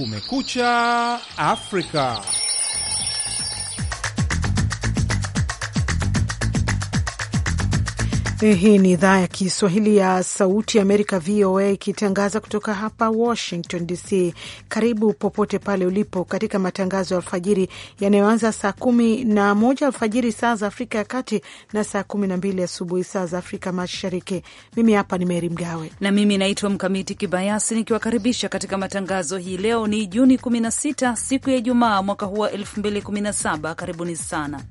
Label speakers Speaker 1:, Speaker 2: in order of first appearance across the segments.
Speaker 1: Kumekucha Afrika.
Speaker 2: Eh, hii ni idhaa ya Kiswahili ya Sauti ya Amerika, VOA, ikitangaza kutoka hapa Washington DC. Karibu popote pale ulipo katika matangazo ya alfajiri yanayoanza saa kumi na moja alfajiri saa za Afrika ya Kati na saa kumi na mbili asubuhi saa za Afrika Mashariki. Mimi hapa ni Meri Mgawe
Speaker 3: na mimi naitwa Mkamiti Kibayasi, nikiwakaribisha katika matangazo hii. Leo ni Juni 16 siku ya Ijumaa mwaka huu wa 2017. Karibuni sana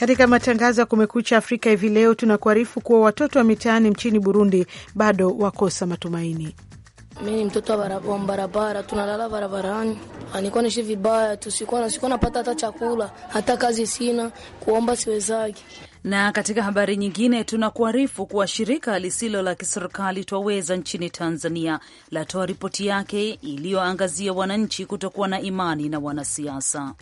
Speaker 2: Katika matangazo ya Kumekucha Afrika hivi leo, tunakuarifu kuwa watoto wa mitaani nchini Burundi bado wakosa matumaini. Mi ni mtoto wa barabara, tunalala barabarani, anikuwa naishi vibaya tu, sikuwa napata hata chakula, hata kazi sina, kuomba
Speaker 3: siwezaki. Na katika habari nyingine tunakuarifu kuwa shirika lisilo la kiserikali Twaweza nchini Tanzania latoa ripoti yake iliyoangazia wananchi kutokuwa na imani na wanasiasa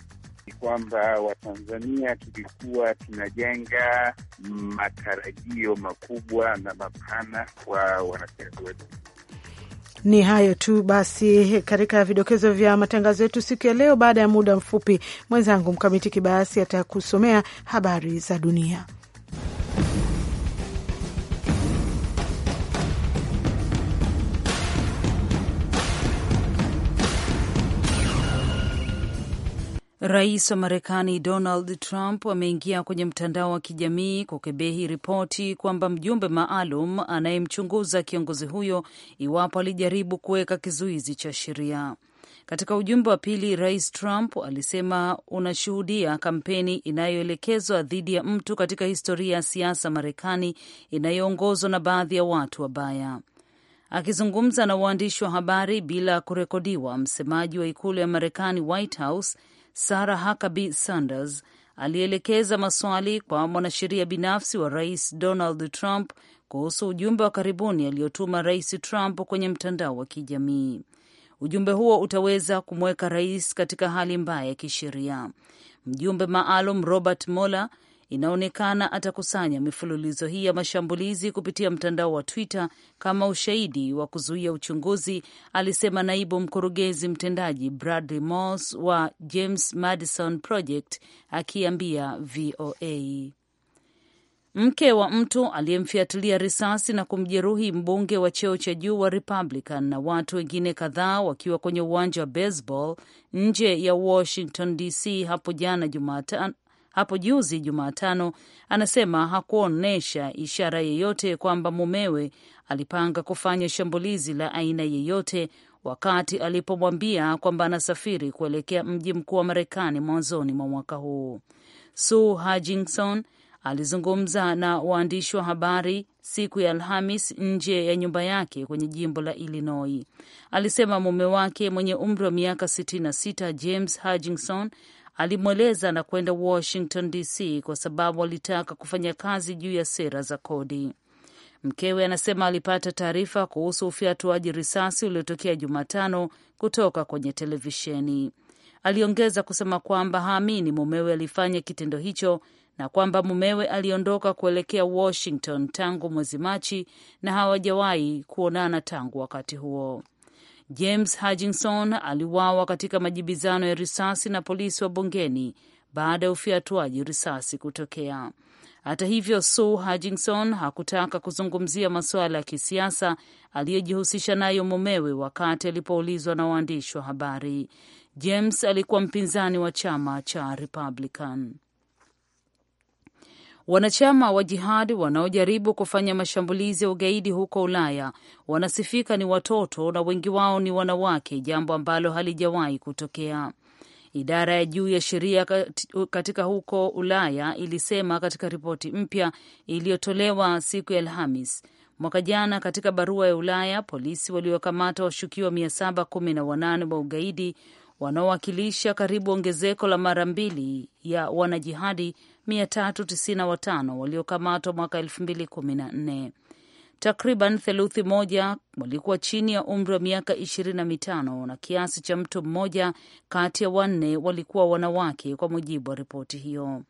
Speaker 4: ni kwamba Watanzania tulikuwa tunajenga matarajio makubwa na mapana kwa wanasiasa wetu.
Speaker 2: Ni hayo tu basi katika vidokezo vya matangazo yetu siku ya leo. Baada ya muda mfupi, mwenzangu Mkamiti Kibayasi atakusomea habari za dunia.
Speaker 3: Rais wa Marekani Donald Trump ameingia kwenye mtandao wa kijamii kukebehi ripoti kwamba mjumbe maalum anayemchunguza kiongozi huyo iwapo alijaribu kuweka kizuizi cha sheria. Katika ujumbe wa pili, Rais Trump alisema unashuhudia kampeni inayoelekezwa dhidi ya mtu katika historia ya siasa Marekani inayoongozwa na baadhi ya watu wabaya. Akizungumza na waandishi wa habari bila kurekodiwa, msemaji wa ikulu ya Marekani, White House Sarah Huckabee Sanders alielekeza maswali kwa mwanasheria binafsi wa rais Donald Trump kuhusu ujumbe wa karibuni aliyotuma rais Trump kwenye mtandao wa kijamii. Ujumbe huo utaweza kumweka rais katika hali mbaya ya kisheria. Mjumbe maalum Robert Mueller Inaonekana atakusanya mifululizo hii ya mashambulizi kupitia mtandao wa Twitter kama ushahidi wa kuzuia uchunguzi, alisema naibu mkurugenzi mtendaji Bradley Moss wa James Madison Project akiambia VOA. Mke wa mtu aliyemfiatilia risasi na kumjeruhi mbunge wa cheo cha juu wa Republican na watu wengine kadhaa wakiwa kwenye uwanja wa baseball nje ya Washington DC hapo jana Jumatano hapo juzi Jumatano, anasema hakuonyesha ishara yeyote kwamba mumewe alipanga kufanya shambulizi la aina yeyote wakati alipomwambia kwamba anasafiri kuelekea mji mkuu wa Marekani mwanzoni mwa mwaka huu. Sue Hutchinson alizungumza na waandishi wa habari siku ya Alhamis nje ya nyumba yake kwenye jimbo la Illinois. Alisema mume wake mwenye umri wa miaka 66 James Hutchinson alimweleza na kwenda Washington DC kwa sababu alitaka kufanya kazi juu ya sera za kodi. Mkewe anasema alipata taarifa kuhusu ufyatuaji risasi uliotokea Jumatano kutoka kwenye televisheni. Aliongeza kusema kwamba haamini mumewe alifanya kitendo hicho na kwamba mumewe aliondoka kuelekea Washington tangu mwezi Machi na hawajawahi kuonana tangu wakati huo. James Hutchinson aliwawa katika majibizano ya risasi na polisi wa bungeni baada ya ufiatuaji risasi kutokea. Hata hivyo, Sue Hutchinson hakutaka kuzungumzia masuala ya kisiasa aliyojihusisha nayo mumewe wakati alipoulizwa na waandishi wa habari. James alikuwa mpinzani wa chama cha Republican. Wanachama wa jihadi wanaojaribu kufanya mashambulizi ya ugaidi huko Ulaya wanasifika ni watoto na wengi wao ni wanawake, jambo ambalo halijawahi kutokea. Idara ya juu ya sheria katika huko Ulaya ilisema katika ripoti mpya iliyotolewa siku ya Alhamis mwaka jana. Katika barua ya Ulaya, polisi waliokamata washukiwa 718 wa ugaidi wanaowakilisha karibu ongezeko la mara mbili ya wanajihadi 395 waliokamatwa mwaka 2014. Takriban theluthi moja walikuwa chini ya umri wa miaka ishirini na mitano na kiasi cha mtu mmoja kati ya wanne walikuwa wanawake, kwa mujibu wa ripoti hiyo.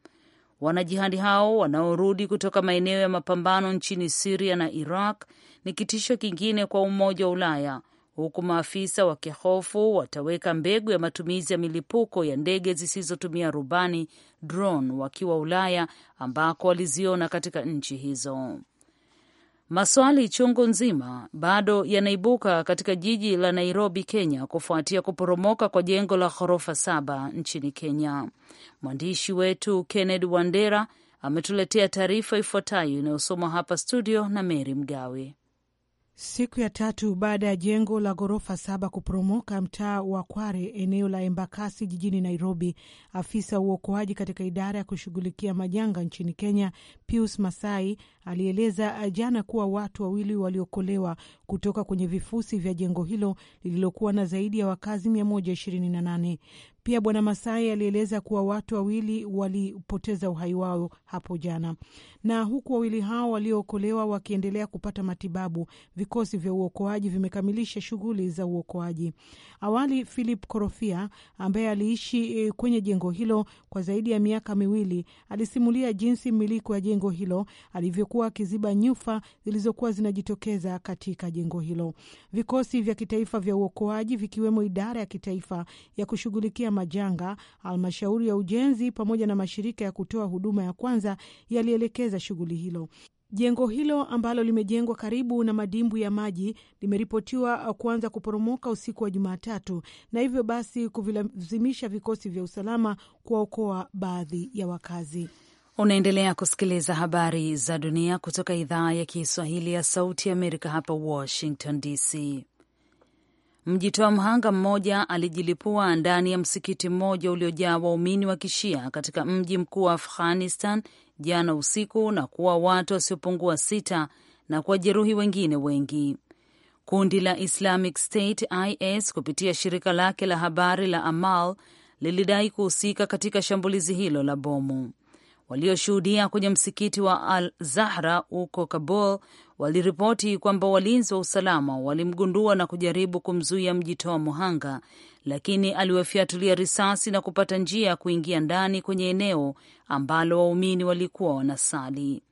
Speaker 3: Wanajihadi hao wanaorudi kutoka maeneo ya mapambano nchini Siria na Iraq ni kitisho kingine kwa Umoja wa Ulaya huku maafisa wakihofu wataweka mbegu ya matumizi ya milipuko ya ndege zisizotumia rubani drone wakiwa Ulaya ambako waliziona katika nchi hizo. Maswali chungu nzima bado yanaibuka katika jiji la Nairobi, Kenya, kufuatia kuporomoka kwa jengo la ghorofa saba nchini Kenya. Mwandishi wetu kenned Wandera ametuletea taarifa ifuatayo inayosomwa hapa studio na Mary Mgawe.
Speaker 2: Siku ya tatu baada ya jengo la ghorofa saba kuporomoka mtaa wa Kware, eneo la Embakasi jijini Nairobi, afisa uokoaji katika idara ya kushughulikia majanga nchini Kenya, Pius Masai, alieleza jana kuwa watu wawili waliokolewa kutoka kwenye vifusi vya jengo hilo lililokuwa na zaidi ya wakazi 128. Pia Bwana Masai alieleza kuwa watu wawili walipoteza uhai wao hapo jana, na huku wawili hao waliookolewa wakiendelea kupata matibabu, vikosi vya uokoaji vimekamilisha shughuli za uokoaji. Awali, Philip Korofia ambaye aliishi e, kwenye jengo hilo kwa zaidi ya miaka miwili alisimulia jinsi mmiliki wa jengo hilo alivyokuwa akiziba nyufa zilizokuwa zinajitokeza katika jengo hilo. Vikosi vya kitaifa vya uokoaji vikiwemo idara ya kitaifa ya kushughulikia majanga, halmashauri ya ujenzi pamoja na mashirika ya kutoa huduma ya kwanza yalielekeza shughuli hilo. Jengo hilo ambalo limejengwa karibu na madimbu ya maji limeripotiwa kuanza kuporomoka usiku wa Jumatatu na hivyo basi kuvilazimisha vikosi vya usalama kuwaokoa baadhi ya wakazi.
Speaker 3: Unaendelea kusikiliza habari za dunia kutoka idhaa ya Kiswahili ya Sauti ya Amerika hapa Washington DC. Mjitoa mhanga mmoja alijilipua ndani ya msikiti mmoja uliojaa waumini wa kishia katika mji mkuu wa Afghanistan jana usiku na kuwa watu wasiopungua sita na kuwajeruhi wengine wengi. Kundi la Islamic State IS kupitia shirika lake la habari la Amal lilidai kuhusika katika shambulizi hilo la bomu. Walioshuhudia kwenye msikiti wa Al Zahra huko Kabul waliripoti kwamba walinzi wa usalama walimgundua na kujaribu kumzuia mjitoa muhanga, lakini aliwafyatulia risasi na kupata njia ya kuingia ndani kwenye eneo ambalo waumini walikuwa wanasali.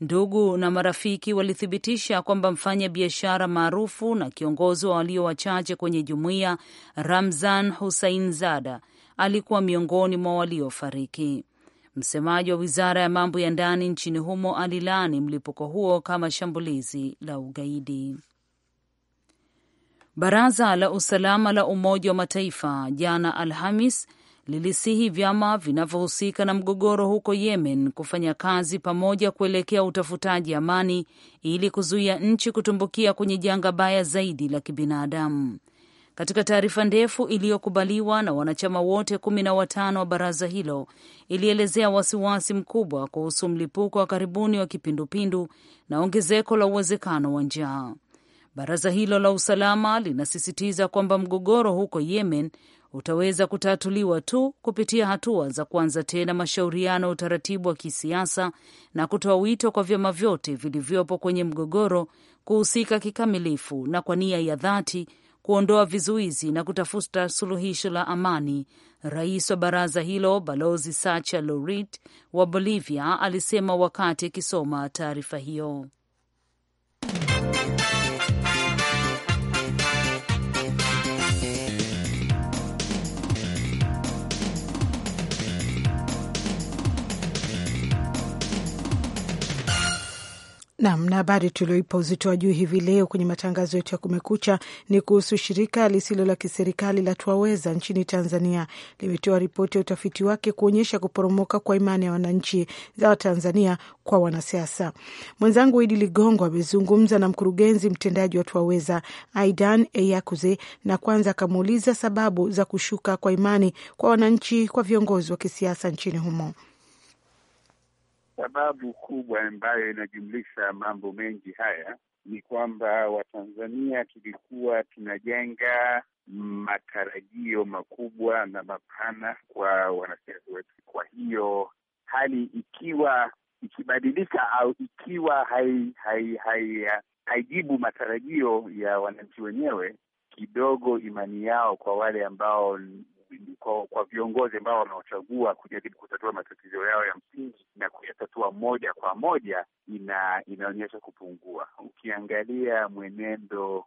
Speaker 3: Ndugu na marafiki walithibitisha kwamba mfanya biashara maarufu na kiongozi wa walio wachache kwenye jumuiya Ramzan Hussein Zada alikuwa miongoni mwa waliofariki. Msemaji wa wizara ya mambo ya ndani nchini humo alilaani mlipuko huo kama shambulizi la ugaidi. Baraza la usalama la Umoja wa Mataifa jana Alhamis lilisihi vyama vinavyohusika na mgogoro huko Yemen kufanya kazi pamoja kuelekea utafutaji amani ili kuzuia nchi kutumbukia kwenye janga baya zaidi la kibinadamu. Katika taarifa ndefu iliyokubaliwa na wanachama wote kumi na watano wa baraza hilo, ilielezea wasiwasi mkubwa kuhusu mlipuko wa karibuni wa kipindupindu na ongezeko la uwezekano wa njaa. Baraza hilo la usalama linasisitiza kwamba mgogoro huko Yemen utaweza kutatuliwa tu kupitia hatua za kuanza tena mashauriano ya utaratibu wa kisiasa na kutoa wito kwa vyama vyote vilivyopo kwenye mgogoro kuhusika kikamilifu na kwa nia ya dhati kuondoa vizuizi na kutafuta suluhisho la amani. Rais wa baraza hilo Balozi Sacha Lorit wa Bolivia alisema wakati akisoma taarifa hiyo.
Speaker 2: Nam na habari tulioipa uzito wa juu hivi leo kwenye matangazo yetu ya Kumekucha ni kuhusu shirika lisilo la kiserikali la Twaweza nchini Tanzania limetoa ripoti ya utafiti wake kuonyesha kuporomoka kwa imani ya wananchi za Watanzania kwa wanasiasa. Mwenzangu Idi Ligongo amezungumza na mkurugenzi mtendaji wa Twaweza Aidan Eyakuze, na kwanza akamuuliza sababu za kushuka kwa imani kwa wananchi kwa viongozi wa kisiasa nchini humo.
Speaker 4: Sababu kubwa ambayo inajumlisha mambo mengi haya ni kwamba Watanzania tulikuwa tunajenga matarajio makubwa na mapana kwa wanasiasa wetu. Kwa hiyo hali ikiwa ikibadilika au ikiwa haijibu hai, hai, hai matarajio ya wananchi wenyewe, kidogo imani yao kwa wale ambao kwa, kwa viongozi ambao wanaochagua kujaribu kutatua matatizo yao ya msingi na kuyatatua moja kwa moja ina, inaonyesha kupungua. Ukiangalia mwenendo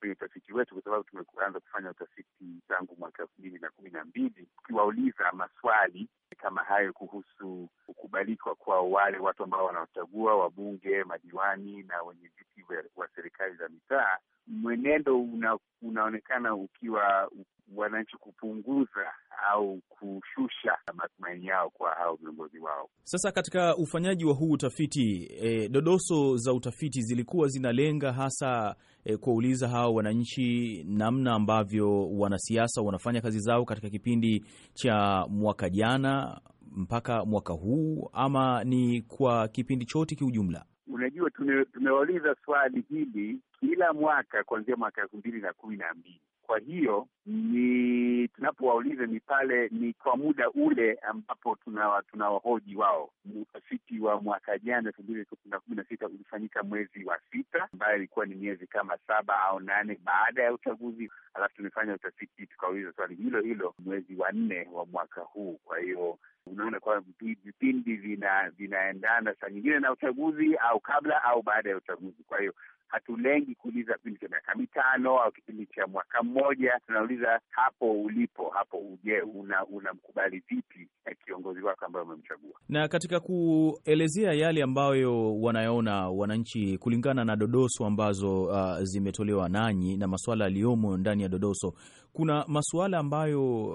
Speaker 4: kwenye utafiti wetu, kwa sababu tumeanza kufanya utafiti tangu mwaka elfu mbili na kumi na mbili, ukiwauliza maswali kama hayo kuhusu kukubalika kwa wale watu ambao wanaochagua wabunge, madiwani na wenye viti wa serikali za mitaa, mwenendo una, unaonekana ukiwa wananchi kupunguza au kushusha matumaini yao kwa hao viongozi wao.
Speaker 5: Sasa katika ufanyaji wa huu utafiti e, dodoso za utafiti zilikuwa zinalenga hasa e, kuwauliza hao wananchi namna ambavyo wanasiasa wanafanya kazi zao katika kipindi cha mwaka jana mpaka mwaka huu, ama ni kwa kipindi chote kiujumla?
Speaker 4: Unajua, tumewauliza swali hili kila mwaka kuanzia mwaka elfu mbili na kumi na mbili kwa hiyo ni tunapowauliza ni pale ni kwa muda ule ambapo tunawahoji tuna wao. Ni utafiti wa mwaka jana elfu mbili na kumi na sita ulifanyika mwezi wa sita, ambayo ilikuwa ni miezi kama saba au nane baada ya uchaguzi. Alafu tumefanya utafiti tukauliza swali hilo hilo mwezi wa nne wa mwaka huu. Kwa hiyo unaona kwa vipindi vina, vinaendana saa nyingine na uchaguzi au kabla au baada ya uchaguzi. Kwa hiyo hatulengi kuuliza kipindi cha miaka mitano au kipindi cha mwaka mmoja. Tunauliza hapo ulipo, hapo uje unamkubali una vipi na eh, kiongozi wako ambayo umemchagua.
Speaker 5: Na katika kuelezea yale ambayo wanayoona wananchi kulingana na dodoso ambazo uh, zimetolewa nanyi na maswala yaliyomo ndani ya dodoso kuna masuala ambayo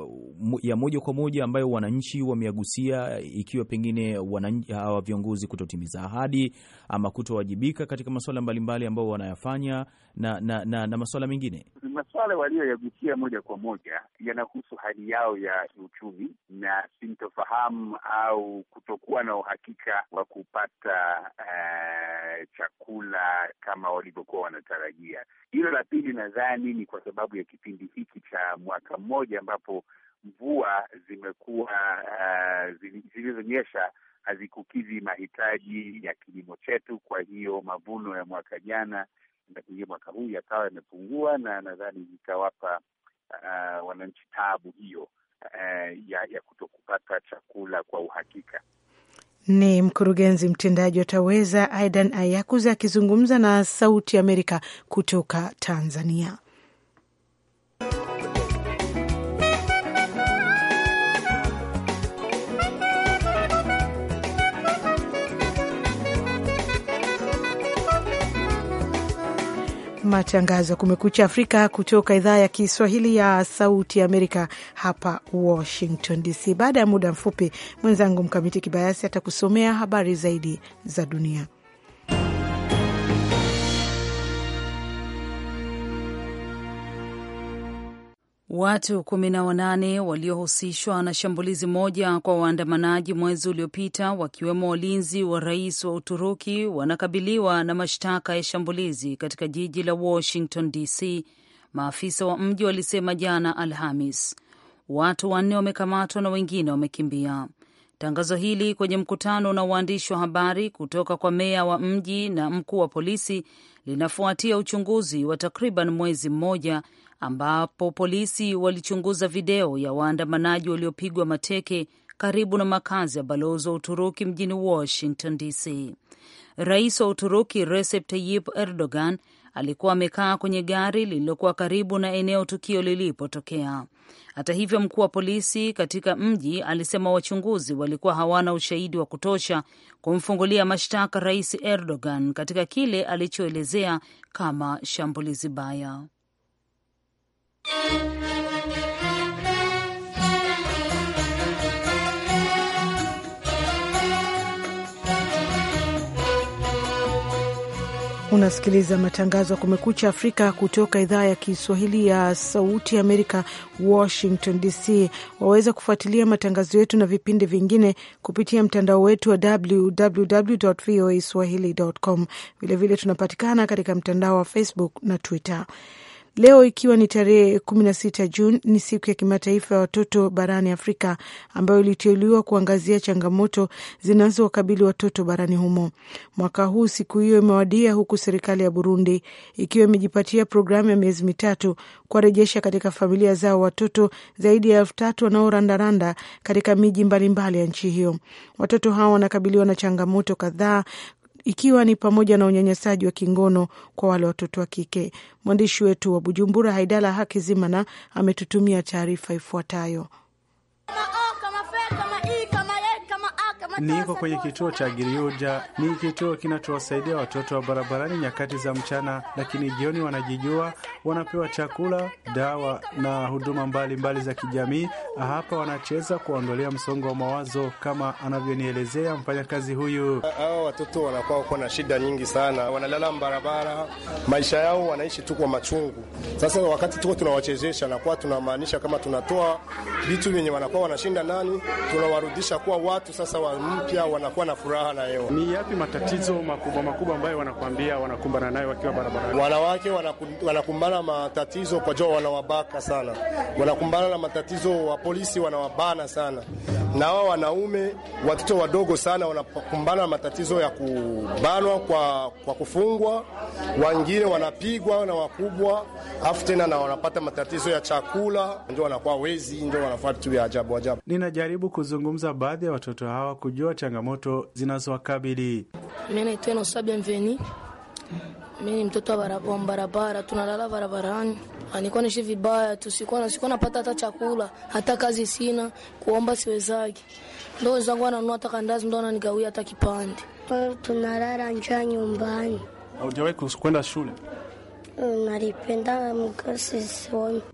Speaker 5: ya moja kwa moja ambayo wananchi wameagusia, ikiwa pengine hawa viongozi kutotimiza ahadi ama kutowajibika katika masuala mbalimbali ambayo wanayafanya na na, na, na masuala mengine?
Speaker 4: Masuala waliyoyagusia moja kwa moja yanahusu hali yao ya kiuchumi na sintofahamu au kutokuwa na uhakika wa kupata uh, chakula kama walivyokuwa wanatarajia. Hilo la pili nadhani ni kwa sababu ya kipindi hiki cha mwaka mmoja ambapo mvua zimekuwa uh, zilizonyesha hazikukidhi mahitaji ya kilimo chetu. Kwa hiyo mavuno ya mwaka jana hiyo mwaka huu yakawa yamepungua, na nadhani ikawapa uh, wananchi taabu hiyo uh, ya, ya kutokupata chakula kwa uhakika.
Speaker 2: Ni mkurugenzi mtendaji wa TAWEZA Aidan Ayakuza akizungumza na Sauti Amerika kutoka Tanzania. Matangazo ya Kumekucha Afrika kutoka idhaa ya Kiswahili ya Sauti Amerika hapa Washington DC. Baada ya muda mfupi, mwenzangu Mkamiti Kibayasi atakusomea habari zaidi za dunia.
Speaker 3: Watu kumi na wanane waliohusishwa na shambulizi moja kwa waandamanaji mwezi uliopita wakiwemo walinzi wa rais wa Uturuki wanakabiliwa na mashtaka ya shambulizi katika jiji la Washington DC, maafisa wa mji walisema jana Alhamis. Watu wanne wamekamatwa na wengine wamekimbia. Tangazo hili kwenye mkutano na waandishi wa habari kutoka kwa meya wa mji na mkuu wa polisi linafuatia uchunguzi wa takriban mwezi mmoja ambapo polisi walichunguza video ya waandamanaji waliopigwa mateke karibu na makazi ya balozi wa Uturuki mjini Washington DC. Rais wa Uturuki Recep Tayyip Erdogan alikuwa amekaa kwenye gari lililokuwa karibu na eneo tukio lilipotokea. Hata hivyo, mkuu wa polisi katika mji alisema wachunguzi walikuwa hawana ushahidi wa kutosha kumfungulia mashtaka Rais Erdogan katika kile alichoelezea kama shambulizi baya.
Speaker 2: Unasikiliza matangazo ya Kumekucha Afrika kutoka idhaa ya Kiswahili ya Sauti ya Amerika, Washington DC. Waweza kufuatilia matangazo yetu na vipindi vingine kupitia mtandao wetu wa www voa swahili com. Vilevile tunapatikana katika mtandao wa Facebook na Twitter. Leo ikiwa ni tarehe 16 Juni, ni siku ya kimataifa ya watoto barani Afrika ambayo iliteuliwa kuangazia changamoto zinazowakabili watoto barani humo. Mwaka huu siku hiyo imewadia huku serikali ya Burundi ikiwa imejipatia programu ya miezi mitatu kuwarejesha katika familia zao watoto zaidi ya elfu tatu wanaorandaranda katika miji mbalimbali ya nchi hiyo. Watoto hao wanakabiliwa na changamoto kadhaa ikiwa ni pamoja na unyanyasaji wa kingono kwa wale watoto wa kike. Mwandishi wetu wa Bujumbura, Haidala Hakizimana, ametutumia taarifa ifuatayo.
Speaker 6: Niko kwenye kituo cha Giriuja. Ni kituo kinachowasaidia watoto wa barabarani nyakati za mchana, lakini jioni wanajijua, wanapewa chakula, dawa na huduma mbalimbali mbali za kijamii. Hapa wanacheza kuwaondolea msongo wa mawazo, kama anavyonielezea mfanyakazi huyu.
Speaker 7: Hawa watoto wanakuwa wako na shida nyingi sana, wanalala mbarabara, maisha yao wanaishi tu kwa machungu. Sasa wakati tuko tunawachezesha, nakuwa tunamaanisha kama tunatoa vitu vyenye wanakuwa wanashinda nani, tunawarudisha kuwa watu sasa wa mpya wanakuwa na furaha na hewa. Ni yapi matatizo makubwa makubwa ambayo wanakuambia wanakumbana nayo wakiwa barabarani? Wanawake wanakumbana matatizo kwa jua wanawabaka sana, wanakumbana na matatizo wa polisi wanawabana sana, na wao wanaume watoto wadogo sana wanakumbana na matatizo ya kubanwa kwa, kwa kufungwa, wengine wanapigwa na wakubwa, afu tena na wanapata matatizo ya chakula, ndio wanakuwa wezi, ndio wanafanya tu ya ajabu ajabu.
Speaker 6: Ninajaribu kuzungumza baadhi ya watoto hawa kujua kujua changamoto zinazowakabili.
Speaker 2: Mi naitwa Bienveni, ni mtoto wa barabara, tunalala barabarani. anikuwa ah, naishi vibaya tu, sikuwa napata hata chakula, hata kazi sina, kuomba siwezaki. Ndo wenzangu ananua hata kandazi, ndo ananigawia hata kipande. Tunalala njaa nyumbani.
Speaker 6: Haujawahi kwenda shule?
Speaker 1: nalipenda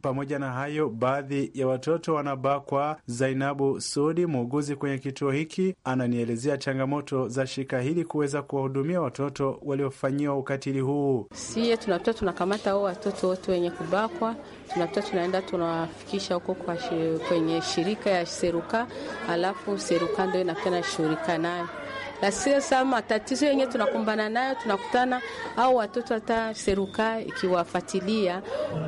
Speaker 6: Pamoja na hayo, baadhi ya watoto wanabakwa. Zainabu Sudi, muuguzi kwenye kituo hiki, ananielezea changamoto za shirika hili kuweza kuwahudumia watoto waliofanyiwa ukatili huu.
Speaker 2: Sie tunapita tunakamata hao watoto wote wenye kubakwa tunakuta tunaenda tunawafikisha huko kwa shi, kwenye shirika ya Seruka, alafu Seruka ndo inakuwa inashughulika nayo na sama matatizo yenye tunakumbana nayo, tunakutana au watoto hata seruka ikiwafatilia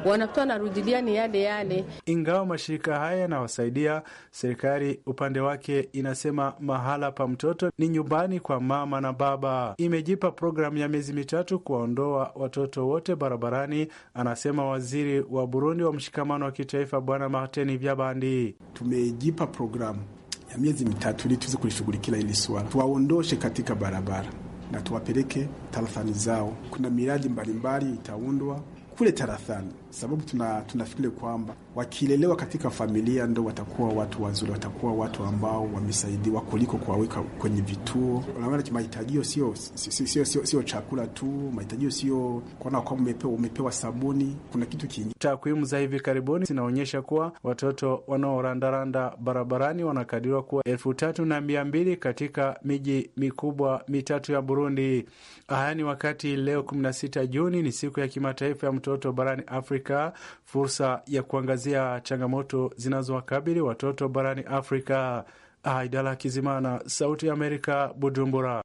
Speaker 2: wanakuta wanarudilia ni yale yale.
Speaker 6: Ingawa mashirika haya yanawasaidia, serikali upande wake inasema mahala pa mtoto ni nyumbani kwa mama na baba. Imejipa programu ya miezi mitatu kuwaondoa watoto wote barabarani, anasema waziri wa Burundi Burundi wa mshikamano wa kitaifa Bwana Martin Vyabandi. Tumejipa programu ya miezi mitatu ili tuweze kulishughulikia hili swala, tuwaondoshe katika barabara na tuwapeleke tarathani zao. Kuna miradi mbalimbali itaundwa kule tarathani sababu tuna, tunafikiri kwamba wakilelewa katika familia ndo watakuwa watu wazuri, watakuwa watu ambao wamesaidiwa kuliko kuwaweka kwenye vituo. Unaona, mahitajio sio sio sio chakula tu, mahitajio sio kuona kwamba umepewa, umepewa sabuni, kuna kitu kingine. Takwimu za hivi karibuni zinaonyesha kuwa watoto wanaorandaranda barabarani wanakadiriwa kuwa elfu tatu na mia mbili katika miji mikubwa mitatu ya Burundi. Haya ni wakati leo 16 Juni ni siku ya kimataifa ya mtoto barani Afrika Afrika fursa ya kuangazia changamoto zinazowakabili watoto barani Afrika. Aidala ah, Kizimana, Sauti ya Amerika, Bujumbura.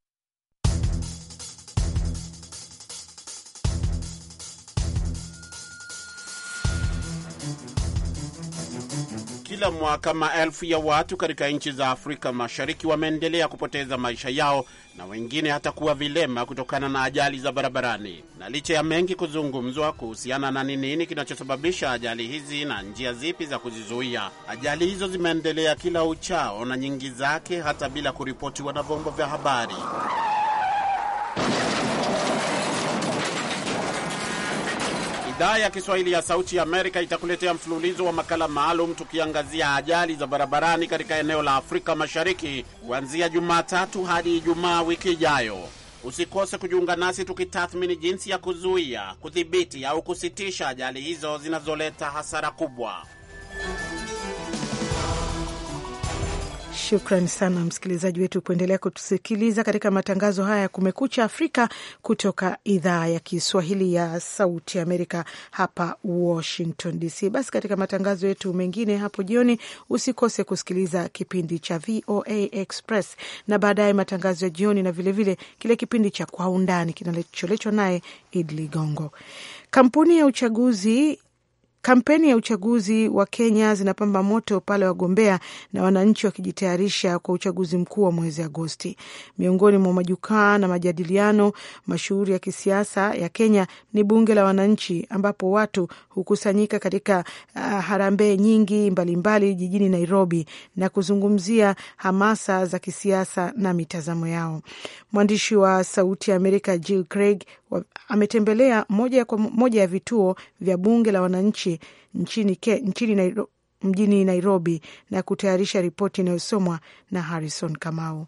Speaker 1: mwaka maelfu ya watu katika nchi za Afrika Mashariki wameendelea kupoteza maisha yao na wengine hata kuwa vilema kutokana na ajali za barabarani. Na licha ya mengi kuzungumzwa kuhusiana na ni nini kinachosababisha ajali hizi na njia zipi za kuzizuia, ajali hizo zimeendelea kila uchao na nyingi zake hata bila kuripotiwa na vyombo vya habari. Idhaa ya Kiswahili ya Sauti ya Amerika itakuletea mfululizo wa makala maalum tukiangazia ajali za barabarani katika eneo la Afrika Mashariki kuanzia Jumatatu hadi Ijumaa wiki ijayo. Usikose kujiunga nasi tukitathmini jinsi ya kuzuia, kudhibiti au kusitisha ajali hizo zinazoleta hasara kubwa.
Speaker 2: Shukran sana msikilizaji wetu kuendelea kutusikiliza katika matangazo haya ya Kumekucha Afrika kutoka idhaa ya Kiswahili ya Sauti Amerika hapa Washington DC. Basi katika matangazo yetu mengine hapo jioni, usikose kusikiliza kipindi cha VOA Express na baadaye matangazo ya jioni, na vilevile vile kile kipindi cha Kwa Undani kinacholetwa naye Idi Ligongo. Kampuni ya uchaguzi Kampeni ya uchaguzi wa Kenya zinapamba moto pale wagombea na wananchi wakijitayarisha kwa uchaguzi mkuu wa mwezi Agosti. Miongoni mwa majukwaa na majadiliano mashuhuri ya kisiasa ya Kenya ni bunge la wananchi, ambapo watu hukusanyika katika uh, harambee nyingi mbalimbali mbali jijini Nairobi na kuzungumzia hamasa za kisiasa na mitazamo yao. Mwandishi wa Sauti ya Amerika Jill Craig ametembelea moja, moja ya vituo vya bunge la wananchi wananchi nchini, ke, nchini Nairo, mjini Nairobi na kutayarisha ripoti inayosomwa na Harrison Kamau.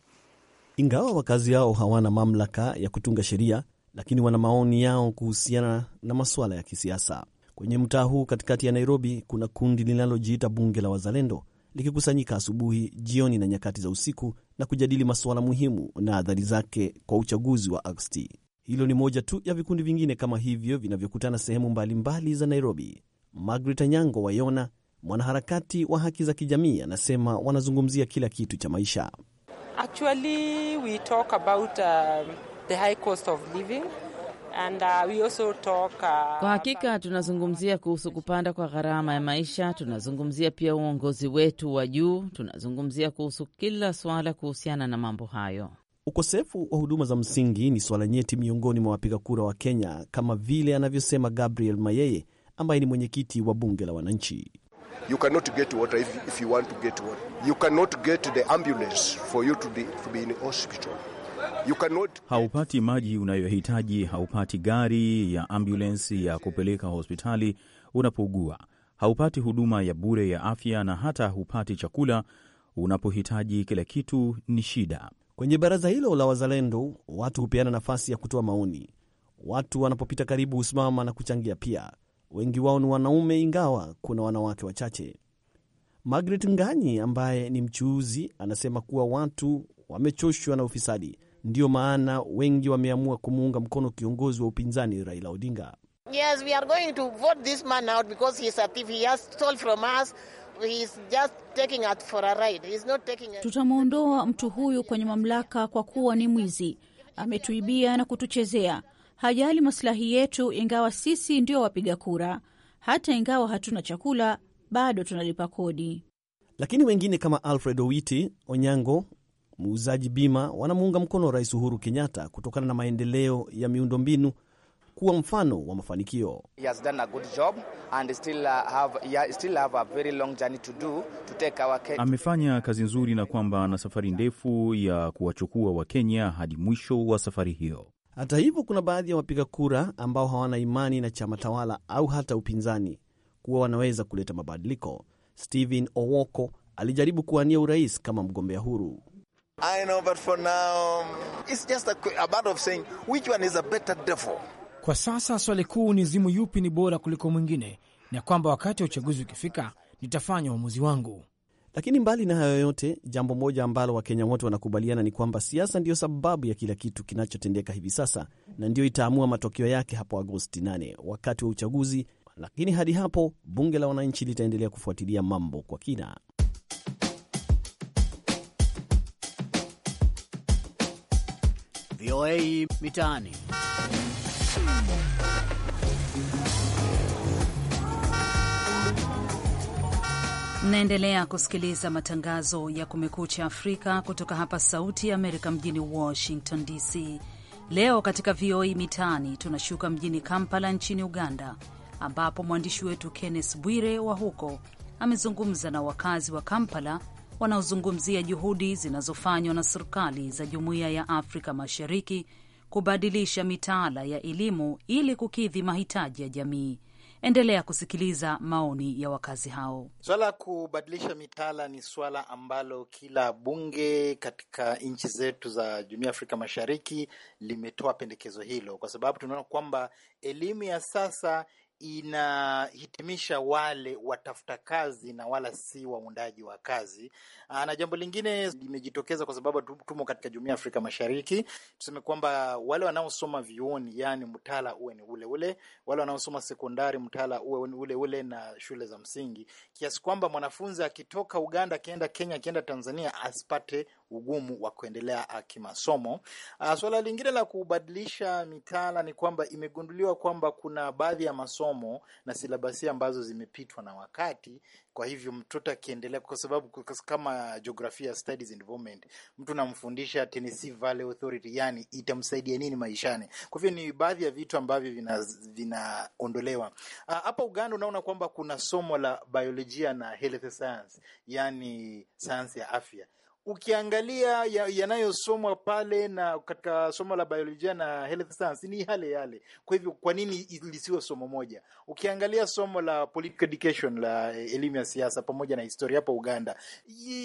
Speaker 8: Ingawa wakazi hao hawana mamlaka ya kutunga sheria, lakini wana maoni yao kuhusiana na masuala ya kisiasa. Kwenye mtaa huu katikati ya Nairobi kuna kundi linalojiita Bunge la Wazalendo likikusanyika asubuhi, jioni na nyakati za usiku na kujadili masuala muhimu na adhari zake kwa uchaguzi wa Agosti. Hilo ni moja tu ya vikundi vingine kama hivyo vinavyokutana sehemu mbalimbali mbali za Nairobi. Margaret Anyango Wayona, mwanaharakati wa haki za kijamii, anasema wanazungumzia kila kitu cha maisha.
Speaker 3: Actually, we talk about, uh, the high cost of living. And, uh, we also talk, uh, kwa hakika tunazungumzia kuhusu kupanda kwa gharama ya maisha, tunazungumzia pia uongozi wetu wa juu, tunazungumzia kuhusu kila suala kuhusiana na mambo hayo. Ukosefu
Speaker 8: wa huduma za msingi ni suala nyeti miongoni mwa wapiga kura wa Kenya, kama vile anavyosema Gabriel Mayeye, ambaye ni mwenyekiti wa bunge la wananchi. You cannot get water if, if you want to get water. You cannot get the ambulance for you to be, to be in hospital.
Speaker 7: You cannot...
Speaker 5: Haupati maji unayohitaji, haupati gari ya ambulensi ya kupeleka hospitali unapougua, haupati huduma ya bure ya afya na hata hupati chakula unapohitaji. Kila kitu ni shida. Kwenye baraza hilo la
Speaker 8: wazalendo, watu hupeana nafasi ya kutoa maoni. Watu wanapopita karibu husimama na kuchangia pia. Wengi wao ni wanaume, ingawa kuna wanawake wachache. Margaret Nganyi ambaye ni mchuuzi anasema kuwa watu wamechoshwa na ufisadi, ndiyo maana wengi wameamua kumuunga mkono kiongozi wa upinzani Raila Odinga.
Speaker 2: Yes, we
Speaker 7: are going to vote this man out because he is a thief. He has stole from us. He is just
Speaker 3: taking us for a ride. He is not taking a... Tutamwondoa mtu huyu kwenye mamlaka kwa kuwa ni mwizi, ametuibia na kutuchezea hajali masilahi yetu, ingawa sisi ndio wapiga kura. Hata ingawa hatuna chakula, bado tunalipa kodi.
Speaker 8: Lakini wengine kama Alfred Owiti Onyango, muuzaji bima, wanamuunga mkono Rais Uhuru Kenyatta kutokana na maendeleo ya miundombinu kuwa mfano wa mafanikio.
Speaker 5: Amefanya kazi nzuri na kwamba ana safari ndefu ya kuwachukua Wakenya hadi mwisho wa safari hiyo.
Speaker 8: Hata hivyo, kuna baadhi ya wapiga kura ambao hawana imani na chama tawala au hata upinzani kuwa wanaweza kuleta mabadiliko. Stephen Owoko alijaribu kuwania urais kama mgombea huru.
Speaker 5: Kwa sasa swali kuu ni zimu yupi ni bora kuliko mwingine, na kwamba wakati wa uchaguzi ukifika nitafanya uamuzi wangu.
Speaker 8: Lakini mbali na hayo yote, jambo moja ambalo Wakenya wote wanakubaliana ni kwamba siasa ndiyo sababu ya kila kitu kinachotendeka hivi sasa na ndiyo itaamua matokeo yake hapo Agosti 8 wakati wa uchaguzi. Lakini hadi hapo bunge la wananchi litaendelea kufuatilia mambo kwa kina.
Speaker 3: VOA Mitaani. naendelea kusikiliza matangazo ya Kumekucha Afrika kutoka hapa Sauti ya Amerika mjini Washington DC. Leo katika VOA e Mitaani tunashuka mjini Kampala nchini Uganda, ambapo mwandishi wetu Kenneth Bwire wa huko amezungumza na wakazi wa Kampala wanaozungumzia juhudi zinazofanywa na serikali za Jumuiya ya Afrika Mashariki kubadilisha mitaala ya elimu ili kukidhi mahitaji ya jamii. Endelea kusikiliza maoni ya wakazi hao.
Speaker 7: Swala la kubadilisha mitaala ni swala ambalo kila bunge katika nchi zetu za jumuiya ya Afrika Mashariki limetoa pendekezo hilo, kwa sababu tunaona kwamba elimu ya sasa inahitimisha wale watafuta kazi na wala si waundaji wa kazi. Ah, na jambo lingine limejitokeza kwa sababu tumo katika jumuiya ya Afrika Mashariki, tuseme kwamba wale wanaosoma vyuoni, yani mtaala uwe ni ule ule, wale wanaosoma sekondari mtaala uwe ni ule ule na shule za msingi, kiasi kwamba mwanafunzi akitoka Uganda akienda Kenya akienda Tanzania asipate ugumu wa kuendelea ah, kimasomo. Ah, swala lingine la kubadilisha mitaala ni kwamba imegunduliwa kwamba kuna baadhi ya masomo masomo na silabasi ambazo zimepitwa na wakati. Kwa hivyo mtoto akiendelea, kwa sababu kama geographia Studies and Development, mtu namfundisha Tennessee Valley Authority, yani itamsaidia nini maishani? Kwa hivyo ni baadhi ya vitu ambavyo vinaondolewa vina ah, hapa. Uganda unaona kwamba kuna somo la biolojia na health science, yani sayansi ya afya ukiangalia yanayosomwa ya pale na katika somo la biolojia na health science ni yale yale. Kwa hivyo kwa nini lisiwe somo moja? Ukiangalia somo la political education la elimu ya siasa pamoja na historia hapa Uganda,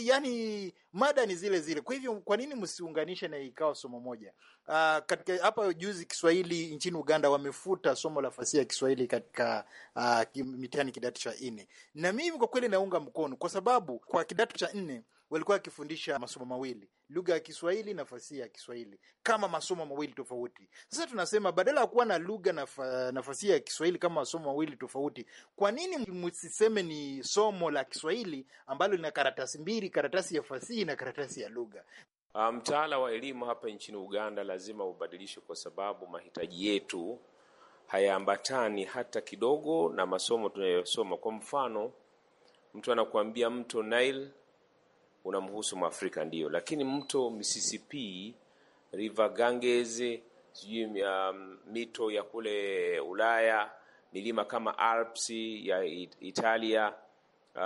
Speaker 7: yaani mada ni zile zile. Kwa hivyo kwa nini msiunganishe na ikawa somo moja? Uh, katika hapa juzi Kiswahili nchini Uganda wamefuta somo la fasihi ya Kiswahili katika uh, ah, mitihani kidato cha nne, na mimi kwa kweli naunga mkono kwa sababu kwa kidato cha nne walikuwa wakifundisha masomo mawili, lugha ya Kiswahili na fasihi ya Kiswahili kama masomo mawili tofauti. Sasa tunasema badala ya kuwa na lugha na, na fasihi ya Kiswahili kama masomo mawili tofauti, kwa nini msiseme ni somo la Kiswahili ambalo lina karatasi mbili, karatasi ya fasihi na karatasi ya lugha?
Speaker 5: Ah, mtaala um, wa elimu hapa nchini Uganda lazima ubadilishwe kwa sababu mahitaji yetu hayaambatani hata kidogo na masomo tunayosoma. Kwa mfano, mtu anakuambia mto Nile unamhusu Mwafrika ndio, lakini mto Mississippi, River Ganges, sijui um, mito ya kule Ulaya, milima kama Alps ya Italia, uh,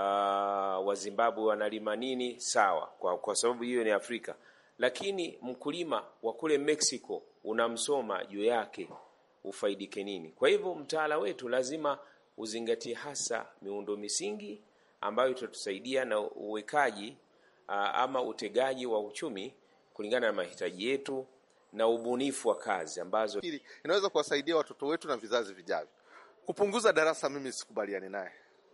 Speaker 5: Wazimbabwe wanalima nini? Sawa, kwa, kwa sababu hiyo ni Afrika, lakini mkulima wa kule Mexico unamsoma juu yake ufaidike nini? Kwa hivyo mtaala wetu lazima uzingatie hasa miundo misingi ambayo itatusaidia na uwekaji ama utegaji wa uchumi kulingana na mahitaji yetu na ubunifu wa kazi ambazo Hili, inaweza kuwasaidia watoto wetu na vizazi vijavyo.
Speaker 7: Kupunguza darasa, mimi sikubaliani naye,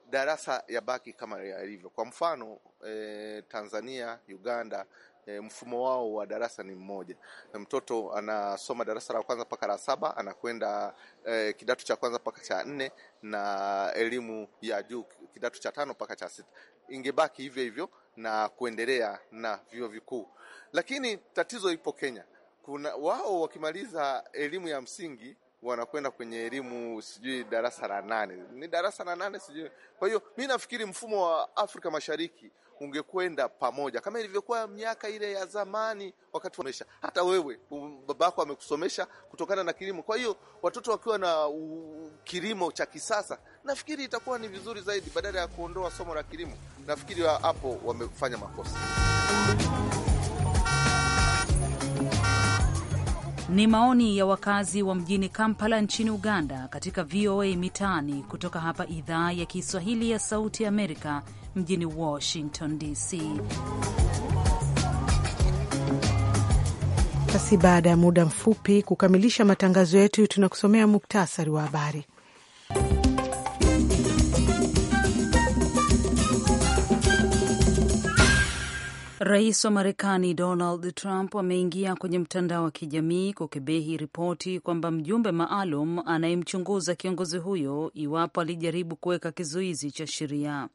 Speaker 7: darasa yabaki kama yalivyo. Kwa mfano eh, Tanzania, Uganda E, mfumo wao wa darasa ni mmoja. Mtoto anasoma darasa la kwanza mpaka la saba anakwenda e, kidato cha kwanza mpaka cha nne na elimu ya juu kidato cha tano mpaka cha sita. Ingebaki hivyo hivyo na kuendelea na vyuo vikuu. Lakini tatizo ipo Kenya, kuna wao wakimaliza elimu ya msingi wanakwenda kwenye elimu sijui darasa la nane, ni darasa la nane sijui. Kwa hiyo mi nafikiri mfumo wa Afrika Mashariki ungekwenda pamoja kama ilivyokuwa miaka ile ya zamani, wakati wamesha hata wewe um, babako amekusomesha kutokana na kilimo. Kwa hiyo watoto wakiwa na u, kilimo cha kisasa, nafikiri itakuwa ni vizuri zaidi, badala ya kuondoa somo la kilimo. Nafikiri hapo wa wamefanya makosa.
Speaker 3: Ni maoni ya wakazi wa mjini Kampala nchini Uganda katika VOA Mitaani kutoka hapa idhaa ya Kiswahili ya Sauti Amerika mjini Washington DC.
Speaker 2: Basi baada ya muda mfupi kukamilisha matangazo yetu, tunakusomea muktasari wa habari.
Speaker 3: Rais wa Marekani Donald Trump ameingia kwenye mtandao wa kijamii kukebehi ripoti kwamba mjumbe maalum anayemchunguza kiongozi huyo iwapo alijaribu kuweka kizuizi cha sheria.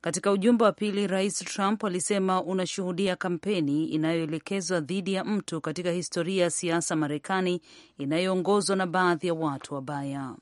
Speaker 3: Katika ujumbe wa pili, Rais Trump alisema unashuhudia kampeni inayoelekezwa dhidi ya mtu katika historia ya siasa Marekani inayoongozwa na baadhi ya watu wabaya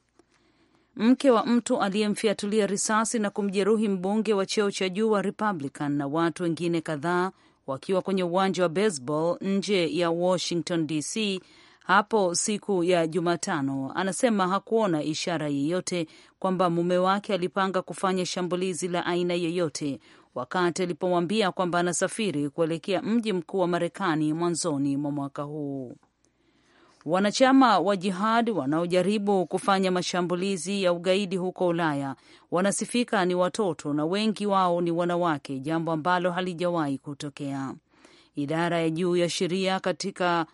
Speaker 3: mke wa mtu aliyemfiatulia risasi na kumjeruhi mbunge wa cheo cha juu wa Republican na watu wengine kadhaa wakiwa kwenye uwanja wa baseball nje ya Washington DC hapo siku ya Jumatano, anasema hakuona ishara yeyote kwamba mume wake alipanga kufanya shambulizi la aina yeyote wakati alipomwambia kwamba anasafiri kuelekea mji mkuu wa Marekani mwanzoni mwa mwaka huu. Wanachama wa jihad wanaojaribu kufanya mashambulizi ya ugaidi huko Ulaya wanasifika ni watoto na wengi wao ni wanawake, jambo ambalo halijawahi kutokea. Idara ya juu ya sheria katika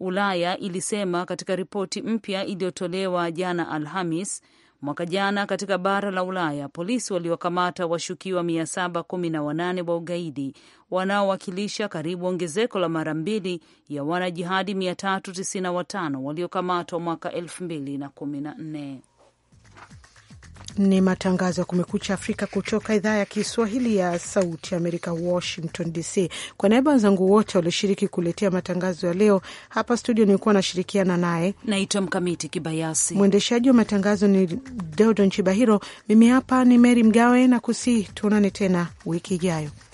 Speaker 3: Ulaya ilisema katika ripoti mpya iliyotolewa jana Alhamis Mwaka jana katika bara la Ulaya, polisi waliwakamata washukiwa 718 wa ugaidi wanaowakilisha karibu ongezeko la mara mbili ya wanajihadi 395 waliokamatwa mwaka 2014.
Speaker 2: Ni matangazo ya Kumekucha Afrika kutoka idhaa ya Kiswahili ya Sauti Amerika, Washington DC. Kwa niaba wenzangu wote walioshiriki kuletea matangazo ya leo hapa studio, nilikuwa nashirikiana naye, naitwa Mkamiti Kibayasi, mwendeshaji wa matangazo ni Deodon Chibahiro, mimi hapa ni Meri Mgawe na Kusi. Tuonane tena wiki ijayo.